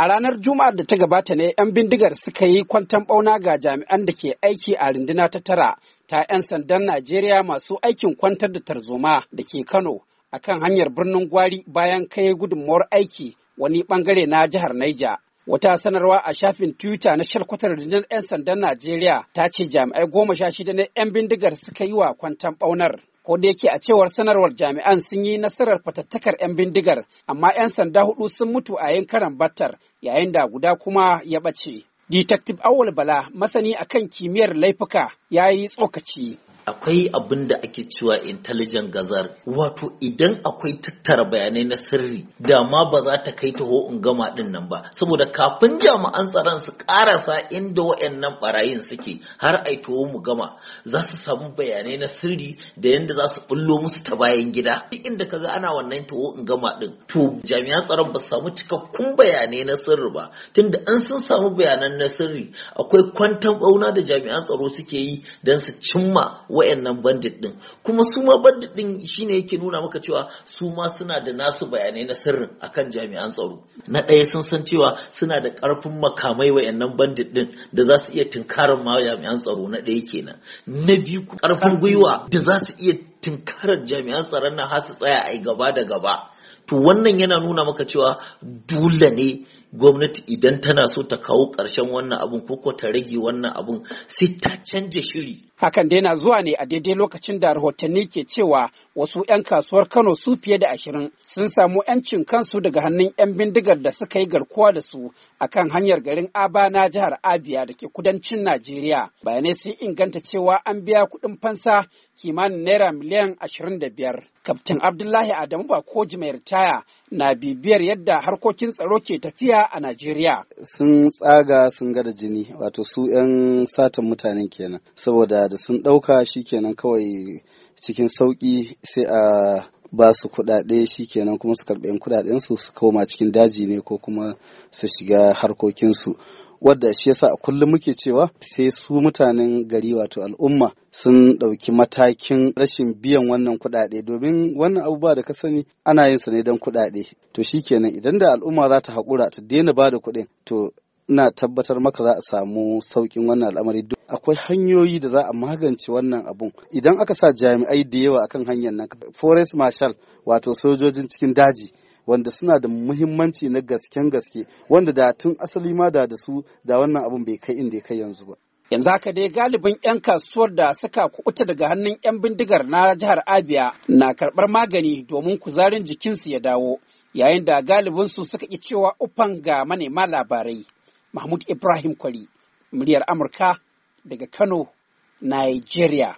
A ranar Juma'ar da ta gabata ne 'yan bindigar suka yi kwantan ɓauna ga jami'an da ke aiki a runduna ta tara ta 'yan sandan Najeriya masu aikin kwantar da tarzoma da ke Kano a kan hanyar birnin Gwari bayan kai gudunmawar aiki wani ɓangare na jihar Naija. Wata sanarwa a shafin Twitter na shalkwatar rundunar 'yan sandan Najeriya ta ce jami'ai goma sha shida na 'yan bindigar suka yi wa kwantan ɓaunar. ko yake a cewar sanarwar jami'an sun yi nasarar fatattakar 'yan bindigar amma 'yan sanda hudu sun mutu a yin karan battar yayin da guda kuma ya ɓace. Detective Awul Bala masani akan kimiyyar laifuka ya yi tsokaci. akwai abin da ake cewa intelligent gazar wato idan akwai tattara bayanai na sirri da ma ba za ta kai taho in gama din nan ba saboda kafin jami'an tsaron su karasa inda wayannan barayin suke har ai taho mu gama za su samu bayanai na sirri da yanda za su bullo musu ta bayan gida duk inda kaga ana wannan taho in gama din to jami'an tsaron ba su samu cikakkun bayanai na sirri ba tunda an sun samu bayanan na sirri akwai kwantan bauna da jami'an tsaro suke yi dan su cimma wayannan bandit din kuma su ma bandit din shine yake nuna maka cewa su ma suna da nasu bayanai na sirrin akan jami'an tsaro na ɗaya sun san cewa suna da ƙarfin makamai wayannan bandit din da za su iya tunkarar ma jami'an tsaro na ɗaya kenan na biyu ƙarfin gwiwa da za su iya tunkarar jami'an tsaron na har tsaya a gaba da gaba to wannan yana nuna maka cewa dole ne gwamnati idan tana so ta kawo ƙarshen wannan abun ko ta rage wannan abun sai ta canja shiri. Hakan dai na zuwa ne a daidai lokacin da rahotanni ke cewa wasu 'yan kasuwar Kano su fiye da ashirin sun samu 'yancin kansu daga hannun 'yan bindigar da suka yi garkuwa da su akan hanyar garin Aba na jihar Abia da ke kudancin Najeriya. Bayanai sun inganta cewa an biya kuɗin fansa kimanin naira miliyan ashirin da biyar. Kaftin Abdullahi Adamu ba ko mai ritaya na bibiyar yadda harkokin tsaro ke tafiya a Najeriya. Sun tsaga sun gada jini, wato su 'yan satan mutanen kenan, saboda da sun ɗauka shi kenan kawai cikin sauƙi sai a ba su kuɗaɗe shikenan kuma su karɓi kuɗaɗen su su koma cikin daji ne ko kuma su shiga harkokinsu wadda shi yasa a kullum muke cewa sai su mutanen gari wato al'umma sun ɗauki matakin rashin biyan wannan kuɗaɗe domin wannan abubuwa da ka sani ana yin su ne don kuɗaɗe to kenan idan da al'umma za ta haƙura ta daina ba da kuɗin to ina tabbatar maka za a samu sauƙin wannan al'amari akwai hanyoyi da za a magance wannan abun idan aka sa jami'ai da yawa akan hanyar nan forest marshal wato sojojin cikin daji wanda suna da muhimmanci na gasken gaske wanda da tun asali ma da su da wannan abun bai kai inda ya kai yanzu ba yanzu haka dai galibin 'yan kasuwar da suka kuɓuta daga hannun 'yan bindigar na jihar abia na karɓar magani domin kuzarin jikinsu ya dawo yayin da galibin su suka ƙi cewa ufan ga manema labarai mahmud ibrahim kwari muryar amurka daga Kano, Nigeria.